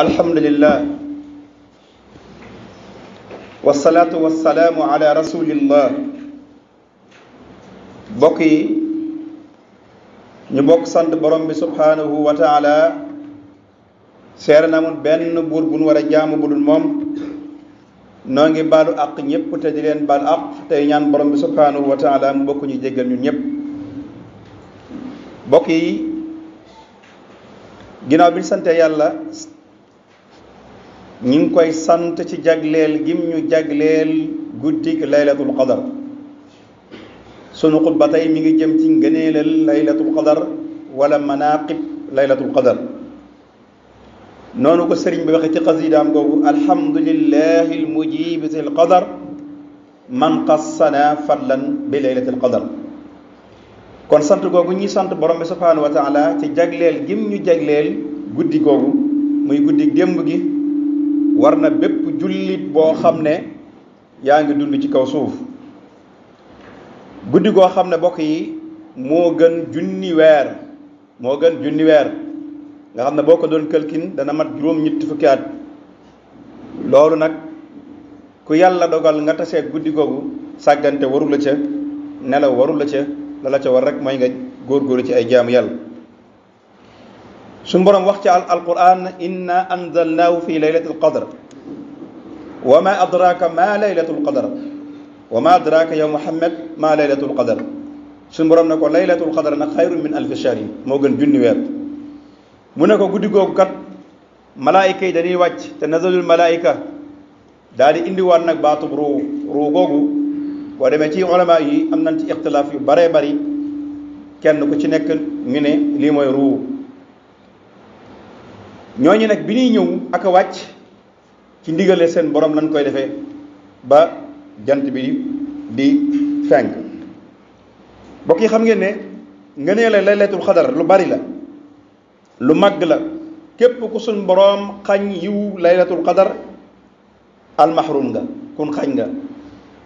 alhamdulillah wasalaatu wasalaamu ala rasulillah bokk yi ñu bokk sant borom bi subhanahu wa taala seere na amul benn buur bu nu war a jaamu bu dul moom noo ngi baalu àq ñëpp te di baal àq tey ñaan borom bi subhanahu wa taala mu bokk ñu jéggal ñun ñëpp bokk yi ginnaaw bi ñu sante yàlla ñi ngi koy sant ci jagleel gim ñu jagleel guddik laylatul qadar sunu xutba tey mi ngi jëm ci ngëneelal laylatul qadar wala manaqib laylatul qadar noonu ko sëriñ bi waxe ci xasidaam googu alhamdulillahi almujibi l qadar man qassana fadlan bi laylatil qadar kon sant googu ñi sant borom bi subhanahu wa ci jagleel gim ñu jagleel guddi googu muy guddi démb gi war na bépp jullit boo xam ne yaa ngi dund ci kaw suuf guddi goo xam ne bokk yi moo gën junni weer moo gën junni weer nga xam ne boo ko doon këlkin dana mat juróom ñetti fukki loolu nag ku yàlla dogal nga tasee guddi googu sàggante waru la ca nelaw waru la ca la la ca war rek mooy nga góor góorgóoru ci ay jaamu yàlla suñ borom wax ci alquran inna anzalnahu fi laylati qadr wama adraka ma laylatu qadr wama adraka ya muhammad ma laylatu qadr suñ borom ne ko laylatu alqadr nag xayrun min alfi shahri moo gën junni weer mu ne ko guddi googu kat malaayika yi dañuy wàcc te nazalul malaayika daal di indiwaat nag baatub ruu ruu googu boo demee ci ulama yi am ci ixtilaaf yu baree bari kenn ku ci nekk ñu ne lii mooy ruu ñoñu nak bi ni ñew ak wacc ci ndigalé ya seen borom lañ koy défé ba jant bi di feng. bokki xam ngeen né nga nee laylatul qadar lu bari la lu mag la képp ku sun borom xagn yiw laylatul al mahrum nga kun xagn nga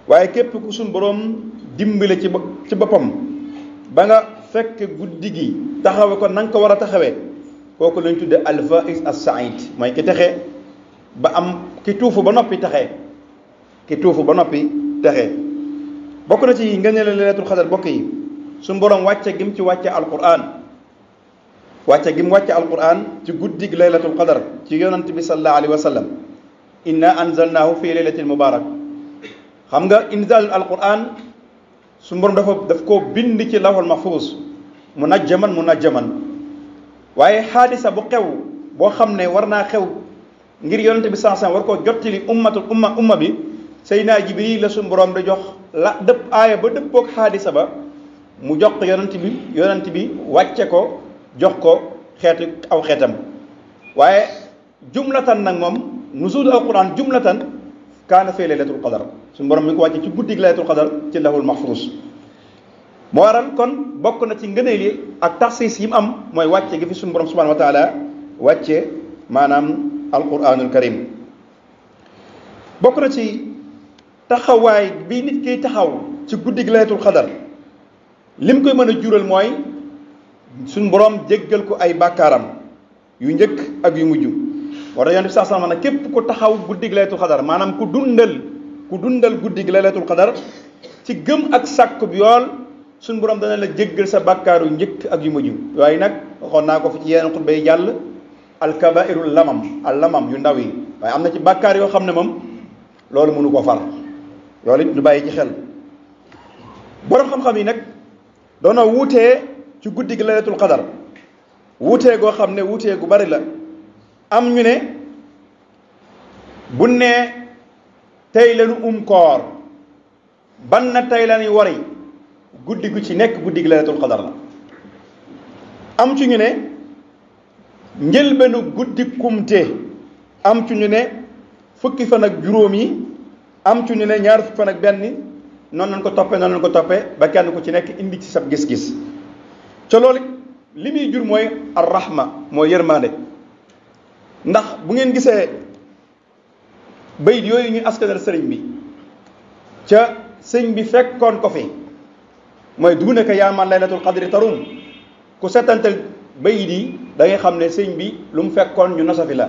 waaye képp ku sun borom dimbale ci ci bopam ba nga fekk guddigi gi ko nang ko wara taxawé kooku lañ tudde alfais as-said mooy ki texe ba am ki tuufu ba noppi taxe ki tuufu ba noppi texe bokk na ci nga ne la leetul xadar bokk yi suñ boroom wàcce gim ci wàcce alquran wàcce gim wàcce alquran ci guddig laylatul qadar ci yonant bi sallallahu alayhi wa sallam inna anzalnaahu fi laylatin mubarak xam nga inzal alquran suñ boroom dafa daf koo bind ci lawhul mahfuz munajjaman munajjaman waye hadisa bu xew bo xamne warna xew ngir yonnte bi saa war koo jottali ummatul umma umma bi sayna Jibril la sun borom da jox la dëpp aya ba depp dëppoog hadisa ba mu jox ko yonent bi yonnte bi wàcce ko jox ko xeetu aw xetam waye jumlatan nak mom nuzul alquran jumlatan kana fi laylatul qadar sun borom mi ko wàcce ci guddig laylatul qadar ci lahul mahfuz moo waral kon bokk na ci ngëneel yi ak taxsiis yi mu am mooy wàcce gi fi suñu borom subhanahu wa taala wàcce maanaam alquranul karim bokk na ci taxawaay bi nit kiy taxaw ci guddi gi laylatul xadar lim koy mën a jural mooy suñu borom jéggal ko ay bàkkaaram yu njëkk ak yu mujj moo tax yonent bi sallallahu alayhi wasallam képp ku taxaw guddi gi laylatul xadar maanaam ku dundal ku dundal guddi gi laylatul xadar ci gëm ak sàkku bi yool suñ borom dana la jéggal sa bàkkaaru njëkk ak yu mujj waaye nag waxoon naa ko fi ci yeneen xutba yi jàll alkabairu lamam al yu ndaw yi waaye am na ci bàkkaar yoo xam ne moom loolu mënu ko far loolu it ñu bàyyi ci xel borom xam-xam yi nag doona wuutee ci guddi gi laylatul qadar wuutee goo xam ne wuutee gu bari la am ñu ne bu ne tey lañu um koor ban na tey lañuy wari guddi gu ci nekk guddi gi laylatul xadar la am ci ñu ne njëlbéenu guddi kumte am ci ñu ne fukki fan ak juróom yi am ci ñu ne ñaar fukki fan ak benn noonu lañ ko toppee noonu lañ ko toppee ba kenn ku ci nekk indi ci sab gis-gis ca loolu li muy jur mooy arrahma mooy yërmande ndax bu ngeen gisee bayit yooyu ñu askanal sëriñ bi ca sëñ bi fekkoon ko fi mooy duunaka yaa man laylatul qadri tarum ku setantal bayit yi da ngay xam ne sëñ bi lu mu fekkoon ñu nosafi la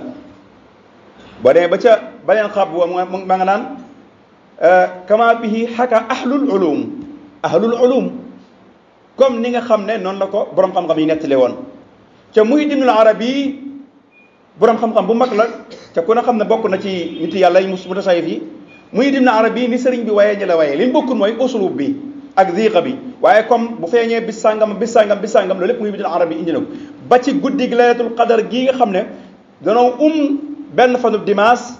boo demee ba ca baleen xab wa ma nga naan euh, kama bihi xaka ahlul ulum ahlul ulum comme ni nga xam ne noonu la ko borom xam yi nettali woon ca Muhyiddinul Arabi borom xam-xam bu mag la ca ku ne xam ne bokk na ci nit yàlla yi mu tasawuf yi Muhyiddinul Arabi ni sëriñ bi waaye ñu la waaye li mu bokkul mooy usulub bi ak ziqa bi waaye comme bu feñe bi sàngam bi sàngam bi sàngam lolep muy bidul arabiy indi na ba ci guddi laylatul qadar gi nga xamne ne um ben fanu dimas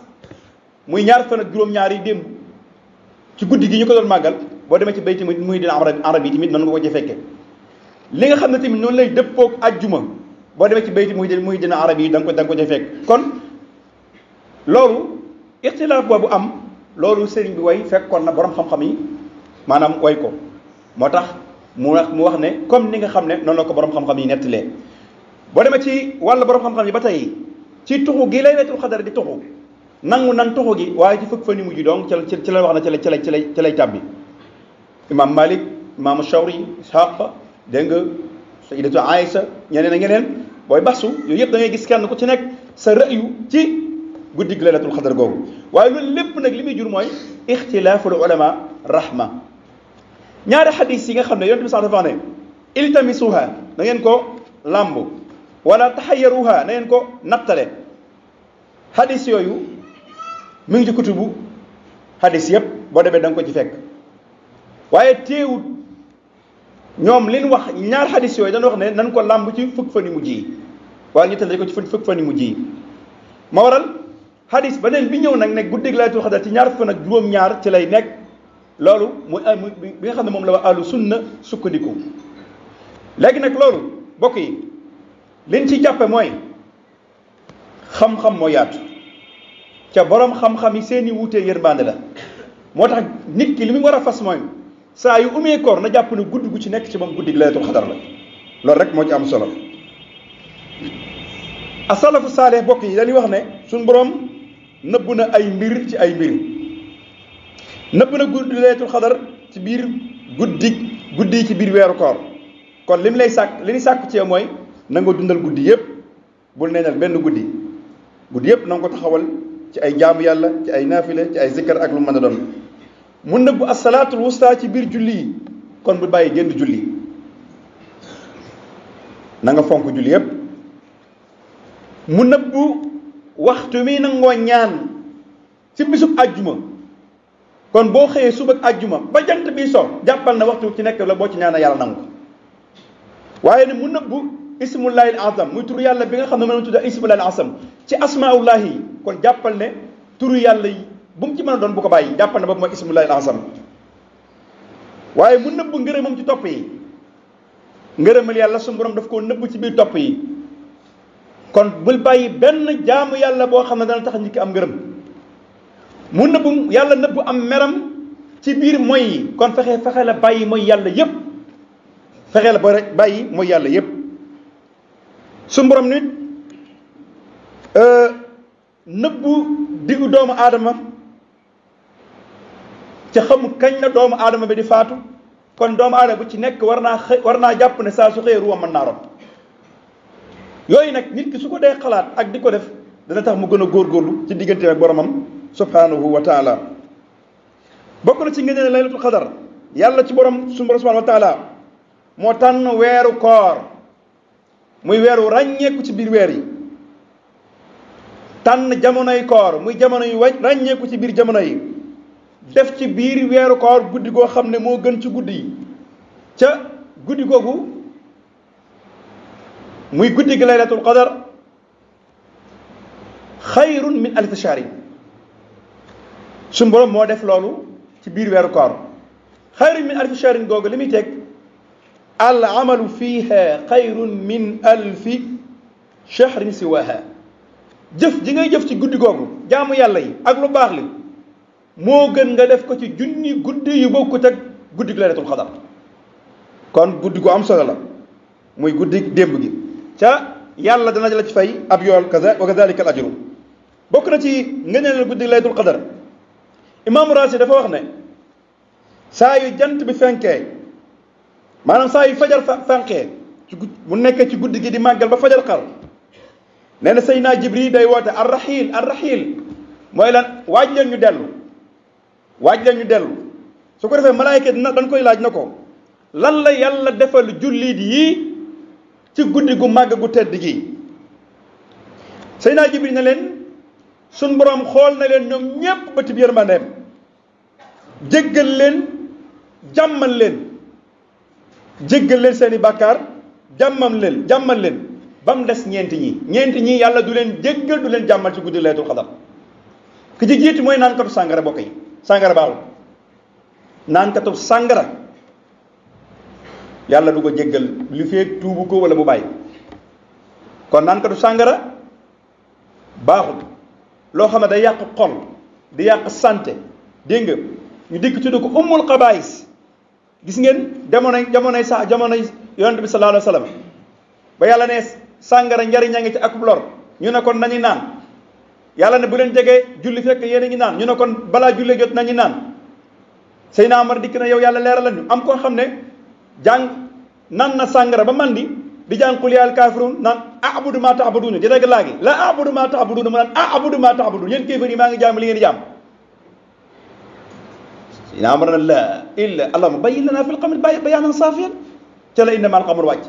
muy ñaar fanu juroom ñaari dem ci guddi gi ñuko don magal bo demé ci beyti muy dina arab arab yi tamit nga ko jéfeké li nga xamne timit non lay deppok aljuma bo demé ci beyti muy muy dina arabiy dang ko dang ko jéfek kon lolu ikhtilaf bobu am lolu serigne bi way fekkon na borom xam-xam yi maanaam woy ko moo tax mu wax mu wax ne comme ni nga xam ne noonu la ko borom xam-xam yi nettalee boo demee ci wàllu borom xam-xam yi ba tey ci tuxu gi laylatul xadar di tuxu nangu nan tuxu gi waaye ci fukk fan yu mujj donc ci ci la wax na ci la ci la ci lay ci lay tàbbi imam malik imam shawri ishaq dégg nga sayyidatu aïsa ñeneen a ñeneen booy basu yooyu yëpp da ngay gis kenn ku ci nekk sa rëyu ci guddi gi laylatul xadar googu waaye loolu lépp nag li muy jur mooy ixtilaaful ulama rahma ñaari hadith yi nga xamne ne yonte bi sax dafa ne iltamisuha da ngeen ko lambu wala tahayyaruha da ngeen ko natale hadith yoyu mi ngi ci kutubu hadith yeb bo debe dang ko ci fek waye teewu ñom liñ wax ñaar hadith yooyu dañ wax ne nañ ko làmb ci fukk fani yu mujj yi ñu tëddee ko ci fukk fani yu mujj yi ma waral xadis beneen bi ñëw nak ne guddeeg laytul xadar ci ñaar fan ak juróom-ñaar ci lay nek loolu muy bi nga xam ne moom la waa ahlu sunna sukkandiku léegi nag loolu bokk yi liñ ci jàppe mooy xam-xam moo yaatu ca borom xam-xam yi seeni wuutee yërmande la moo tax nit ki li mu war a fas mooy saa yu umee koor na jàpp ne guddi gu ci nekk ci moom guddi laylatul xadar la loolu rek moo ci am solo asalafu saaleh bokk yi dañuy wax ne suñ borom nëbb na ay mbir ci ay mbir nëbb na guddi laylatul xadar ci biir guddi guddi ci biir weeru koor kon lim lay sàkk li ñu sàkku ci mooy na dundal guddi yëpp bul neenal benn guddi guddi yëpp na ko taxawal ci ay jaamu yàlla ci ay naafile ci ay zikkar ak lu mën a doon mu nëbb assalaatul wusta ci biir julli kon bu bàyyi génn julli na nga fonk julli yëpp mu nëbb waxtu mi nangoo ñaan ci bisub àjjuma kon boo xëyee suba ak àjjuma ba jant bi so jàppal na waxtu ci nekk la boo ci ñaana yàlla nangu ko waaye ne mu nëbbu ismullahil azam muy turu yàlla bi nga xam ne mën a tudda ismullahil azam ci asmaullahi yi kon jàppal ne turu yàlla yi bu mu ci mën a doon bu ko bàyyi jàppal ne boobu mooy ismullahil azam waaye mu nëbbu ngërëmam ci topp yi ngërëmal yàlla suñu borom daf koo nëbbu ci biir topp yi kon bul bàyyi benn jaamu yàlla boo xam ne dana tax nit ki am ngërëm mu nëbbu yàlla nëbbu am meram ci biir mooy yi kon fexe fexe la bàyyi mooy yàlla yëpp fexe la ba bàyyi mooy yàlla yëpp su borom nit euh, nëbbu diggu doomu aadama ca xamu kañ la doomu aadama bi di faatu kon doomu aadama bu ci nekk war naa xë war naa jàpp ne saa su xëyee ruwa mën naa rot yooyu nag nit ki su ko dee xalaat ak di ko def dana tax mu gën a góorlu ci diggante boromam subhanahu wa taala bokk na ci ngëneel laylatul xadar yàlla ci borom suñu borom subhanahu moo tànn weeru koor muy weeru ràññeeku ci biir weer yi tànn jamonoy koor muy jamono yu ràññeeku ci biir jamono yi def ci biir weeru koor guddi goo xam ne moo gën ci guddi ca guddi googu muy guddi gi laylatul qadar xayrun min alfi shahrin suñu borom moo def loolu ci biir weeru koor xayrun min alfi shahrin googu li muy teg al amalu fiha xayrun min alfi shahrin siwaha jëf ji ngay jëf ci guddi googu jàmm yàlla yi ak lu baax li moo gën nga def ko ci junni guddi yu bokkut ak guddi laylatul xadar kon guddi ku am solo la muy guddi démb gi ca yàlla dana la ci fay ab yool kaza wa kadalika al ajru bokk na ci ngëneel guddi laylatul xadar Imam Raasi dafa wax ne saa yu jant bi fenkee maanaam saa yu fajar fenkee ci mu nekkee ci guddi gi di màggal ba fajar xar nee na Seydina Jibril day woote arraxiil arraxiil mooy lan waaj leen ñu dellu waaj leen ñu dellu su ko defee malaayka dina dañ koy laaj na ko lan la yàlla defal jullit yi ci guddi gu màgg gu tedd gi Seydina Jibril na leen suñ boroom xool na leen ñoom ñépp bëti bi yërmandeem jëggal leen jàmmal leen jéggal leen seeni bàkkaar jàmmam leen jàmmal leen ba mu des ñeenti ñi ñeenti ñi yàlla du leen jéggal du leen jàmmal ci guddi laytul xadar ki ci jiitu mooy naan sàngara bokk yi sàngara baaxul naan sàngara yàlla du ko jéggal li fee tuubu ko wala mu bàyyi kon naan sàngara baaxul loo xam ne day yàq xol di yàq santé dégg nga ñu dikk tudd ko ummul xabaayis gis ngeen jamonoy jamonoy sax jamonoy yonent bi sallallahu alayhi wa ba yàlla ne sàngara njariñ a ngi ci ak lor ñu ne kon nañu naan yàlla ne bu leen jegee julli fekk yéen a ngi naan ñu ne kon balaa julli jot nañu naan Seydina Amar dikk na yow yàlla leeral la ñu am koo xam ne jàng naan na sàngara ba mandi di jàng qul yaa al a naan abudu maa taabuduuna di rek laagi la abudu maa taabuduuna mu a abudu maa taabuduuna yéen kéefar yi maa ngi jaam li ngeen di jaam ina amar na la illa allahuma bayyin lanaa fil xamri bayaanan saafiyan ca la innamaa al xamru wàcc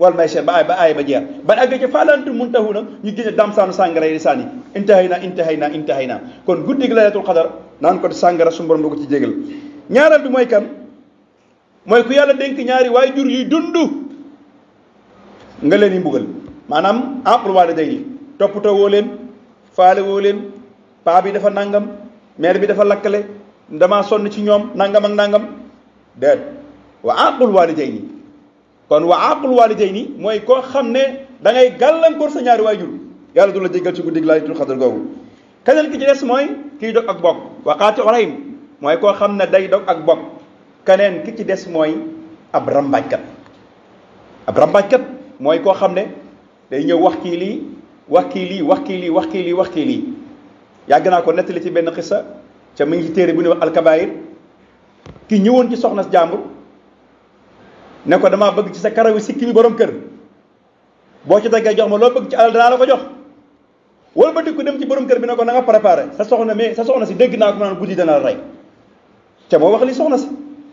wal maysir ba aay ba aay ba jeex ba àgg ca faalantum muntahuuna ñu génne dam saanu sàngara yi sànni intahay naa intahay naa intahay naa kon guddi gi laylatul xadar naan ko sàngara su borom du ko ci jégal ñaareel bi mooy kan mooy ku yàlla dénk nga leen yi mbugal maanaam àqul ah, waalidayni toppatoo woo leen faale woo leen paa bi dafa nangam mère bi dafa lakkale damaa sonn ci ñoom nangam ak nangam déet wa àqul ah, waalidayni kon wa àqul ah, waalidayni mooy koo xam ne da ngay gàllankoor sa ñaari waajur yàlla du la jéggal ci guddig laalitul xadar googu keneen ki ci des mooy kiy dog ak bokk waxaati orayim mooy koo xam ne day dog ak bokk keneen ki ci des mooy ab rambaajkat ab mooy koo xam ne day ñëw wax kii lii wax kii lii wax kii lii wax kii lii wax kii lii yàgg naa ko nettali ci benn xisa ca mi ngi ci téere bu ñuy wax alkabaayir ki ñëwoon ci soxna jàmbur ne ko damaa bëgg ci sa karaw sikki bi borom kër boo ci daggee jox ma loo bëgg ci alal danaa la ko jox wala ba dikku dem ci borom kër bi ne ko na nga sa soxna mais sa soxna si dégg naa ko naan guddi dana la rey ca moo wax li soxna si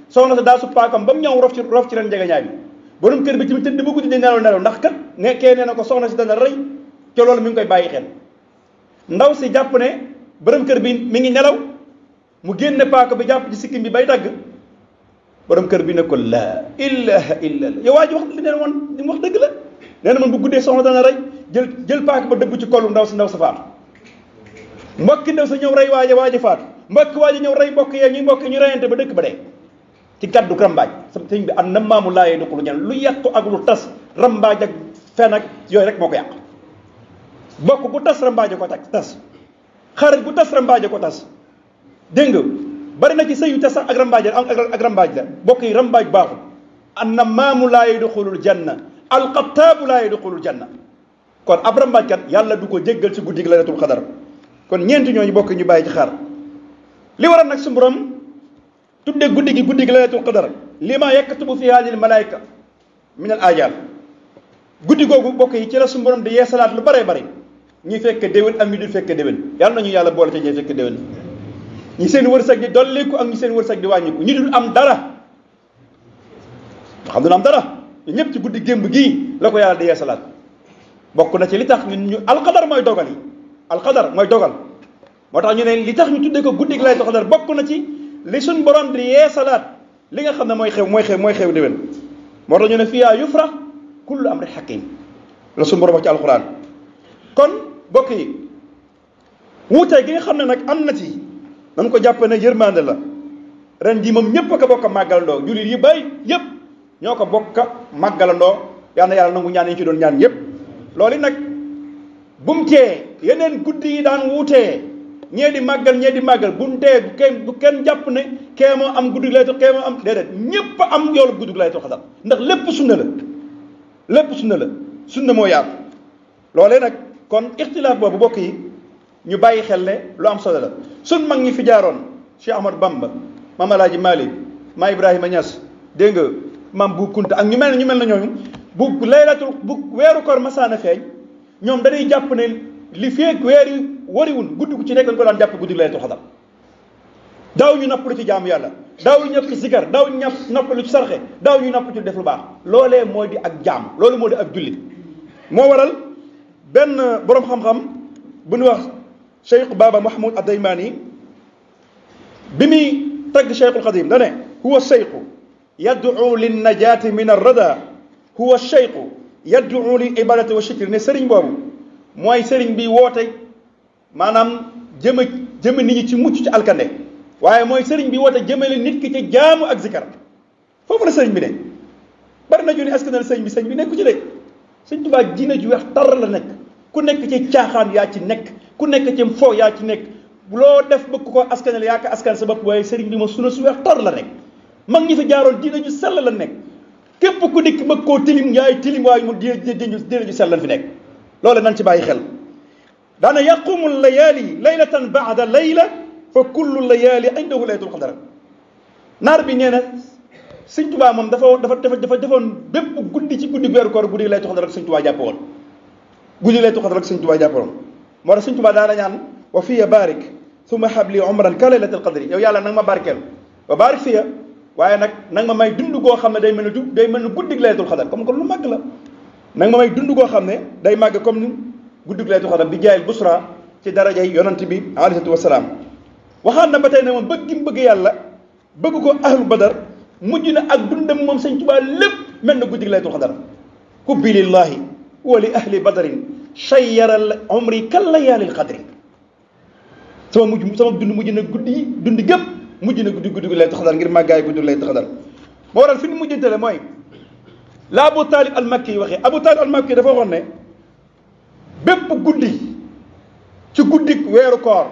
soxna si daal su paakam ba mu ñëw rof ci rof ci ren jegeñaay bi borom kër bi tamit tëdd ba guddi di nelaw nelaw ndax kat nekkee nee na ko soxna si dana rey te loolu mi ngi koy bàyyi xel ndaw si jàpp ne borom kër bi mi ngi nelaw mu génne paaka bi jàpp ci sikkim bi bay dagg borom kër bi ne ko laa ilaha illa allah yow waa ji wax li neen woon li mu wax dëgg la nee na man bu guddee soxna dana rey jël jël paaka ba dëbb ci kollu ndaw si ndaw sa faatu mbokki ndaw sa ñëw rey waaja waaja faatu mbokki waaja ñëw rey mbokk yee ñuy mbokk ñu reyante ba dëkk ba ci kaddu rambaaj sëñ bi am na maamu laayee du ko lu ñaan lu yàqu ak lu tas rambaaj ak fen ak yooyu rek moo ko yàq bokk bu tas rambaaj ko tak tas xarit bu tas rambaaj ko tas dégg nga bari na ci sëy yu tas ak rambaaj la ak rambaaj la bokk yi rambaaj baaxul am na maamu laayee du xulul janna alxataabu laayee du xulul janna kon ab rambaajkat yàlla du ko jéggal ci guddi gi laylatul xadar kon ñeenti ñooñu bokk ñu bàyyi ci xar li waral nag su tudde guddi gi guddi gi laylatul qadar lima yaktubu fi hadil malaika min al ajal guddi googu bokk yi ci la suñu borom di yeesalaat lu bëree bëri ñi fekk déwén ak ñu dul fekke déwén yàlla na ñu yàlla boole te ñuy fekk déwén ñi seen wërsëg di dolliku ak ñi seen wërsëg di wàññiku ñu dul am dara xam dul am dara ñëpp ci guddi gémb gii la ko yàlla di yeesalaat bokk na ci li tax ñu alxadar mooy dogal yi alxadar mooy dogal moo tax ñu ne li tax ñu tuddee ko guddi bokk na ci li suñ borom di salaat li nga xam ne mooy xew mooy xew mooy xew déwén moo tax ñu ne fiyaa yufra kullu amri hakim la suñ borom wax ci alquran kon bokk yi wuute gi nga xam ne nag am na ci dañ ko jàpp ne yërmande la ren jii moom ñëpp a ko bokk a jullit yi bay yépp ñoo ko bokk a màggalandoo yal na yàlla nangu ñaan yi ci doon ñaan yëpp loolu nag bum tee yeneen guddi yi daan wuutee ñee di màggal ñee di màggal bu dee bu kenn bu kenn jàpp ne kee am guddi laytul kee moo am déedéet ñëpp am yoolu guddi laytul xadar ndax lépp sunna la lépp sunna la sunna moo yaatu loolee nag kon ixtilaaf boobu bokk yi ñu bàyyi xel ne lu am solo la sun mag ñi fi jaaroon Cheikh Ahmad Bamba maam Alaaji Malik maa Ibrahima ñas dégg nga maam bu Kunta ak ñu mel ne ñu mel na ñooñu bu laylatul bu weeru koor masaana feeñ ñoom dañuy jàpp ne li feeg weer wariwul guddi gu ci nekk dañ ko daan jàpp guddi laylatul xadar daw ñu nappalu ci jaamu yàlla daw ñu napp ci daw ñu napp lu ci sarxe daw ñu napp ci def lu baax lolé moy di ak jaam lolé moy di ak julli mo waral ben borom xam-xam bu ñu wax cheikh baba mahmoud adaymani bi mi tag cheikhul xadim da ne huwa shaykh yad'u lin najati min ar arrada huwa shaykh yad'u li ibadati wa shikri ne sëriñ bobu moy sëriñ bi wote maanaam jëme jëme nit ñi ci mucc ci alkande waaye mooy sëriñ bi woote jëmale nit ki ci jaamu ak zikar foofu la sëriñ bi ne bari na ju ne askanal sëriñ bi sëriñ bi nekku ci de sëriñ Tuubaa diine ju wax tar la nekk ku nekk ci caaxaan yaa ci nekk ku nekk ci fo yaa ci nekk loo def bëgg ko askanal yaa ko askan sa bopp waaye sëriñ bi ma suna su weex tar la nekk mag ñi fi jaaroon diine ju sell la nekk képp ku dikk bëgg koo tilim yaay tilim waaye mu diine ju sell la fi nekk loolu nan ci bàyyi xel لأن يقوم الليالي ليلة بعد ليلة فكل الليالي عنده ليلة القدر نار بي نينا سيغ توبا موم دا دا دا دا دافون بيب غودي سي غودي وير كور غودي ليلة القدر سيغ توبا جابول غودي ليلة القدر سيغ توبا جابول مورا سيغ توبا دا لا نيان وفي بارك ثم حب لي عمرا كليلة القدر يو يالا نك ما باركل وبارك فيها waaye nag nag ma may dund goo xam day mel day mel guddig laylatul comme lu la ma may dund day comme guddig lay xadar bi jaayil busra ci darajay yonent bi alayhi salaatu wasalaam waxaan na batay tey ne moom bëgg gi yàlla beug ko ahlu badar mujjina ak dundam mom seigne touba lépp melna na lay laylatul xadar hubbi wa li ahli shayyara al umri kal al qadri sama mujj sama dund mujjina guddi yi dund gépp mujj guddi guddi lay xadar ngir ma màggaay guddi lay xadar mo waral fi mujjitele moy mooy la Abu Talib al Makki yi waxee Abu Talib al Makki dafa waxoon bépp guddi ci guddik weeru koor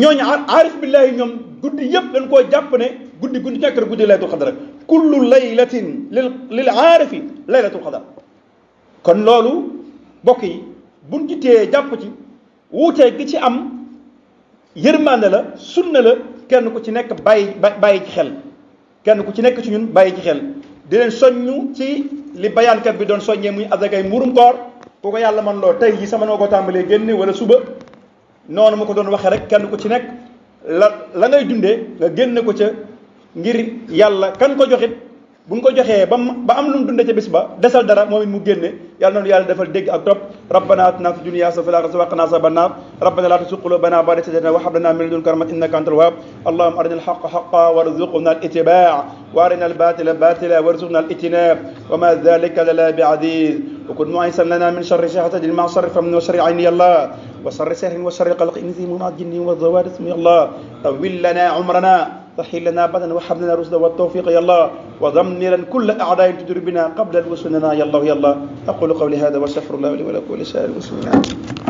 ñooñu aarif billahi ñoom guddi yëpp dañ koo jàpp ne guddi guddi nekk rek guddi laylatul xadar kullu laylatin lil lil aarifi laylatul xadar kon loolu mbokk yi buñ ci jàpp ci wuutee gi ci am yërmande la sunna la kenn ku ci nekk bàyyi bàyyi ci xel kenn ku ci nekk ci ñun bàyyi ci xel di leen soññu ci li bayaankat bi doon soññee muy azakay murum koor ku ko yàlla man loo tey ji sama noo ko tàmbalee génne wala suba noonu ma ko doon waxee rek kenn ku ci nekk la la ngay dundee nga génne ko ca ngir yàlla kan ko joxit bu ñu ko joxee ba ba am lu mu dundee ca bis ba desal dara moom mu génne yàlla noonu defal dégg ak top rabbana atina fi dunya hasanatan wa ba akhirati hasanatan wa qina azaban rabbana la tuzigh qulubana ba'da idh hadaytana wa hab lana min ladunka rahmatan innaka antal wahhab allahumma arina al-haqqa haqqan warzuqna al-ittiba'a wa arina al-batila batila warzuqna al-ijtinab وكن معيسا لنا من شر شهتد المعصر فمن وشر عين الله وشر سهر وشر قلق ذي مناد جني والضوارث يا الله طول لنا عمرنا طحي لنا بدن وحب لنا رشدا والتوفيق يا الله وضمنا كل أعداء تدر بنا قبل الوصول لنا يا الله يا الله أقول قولي هذا وشفر الله لي ولكم ولسائر المسلمين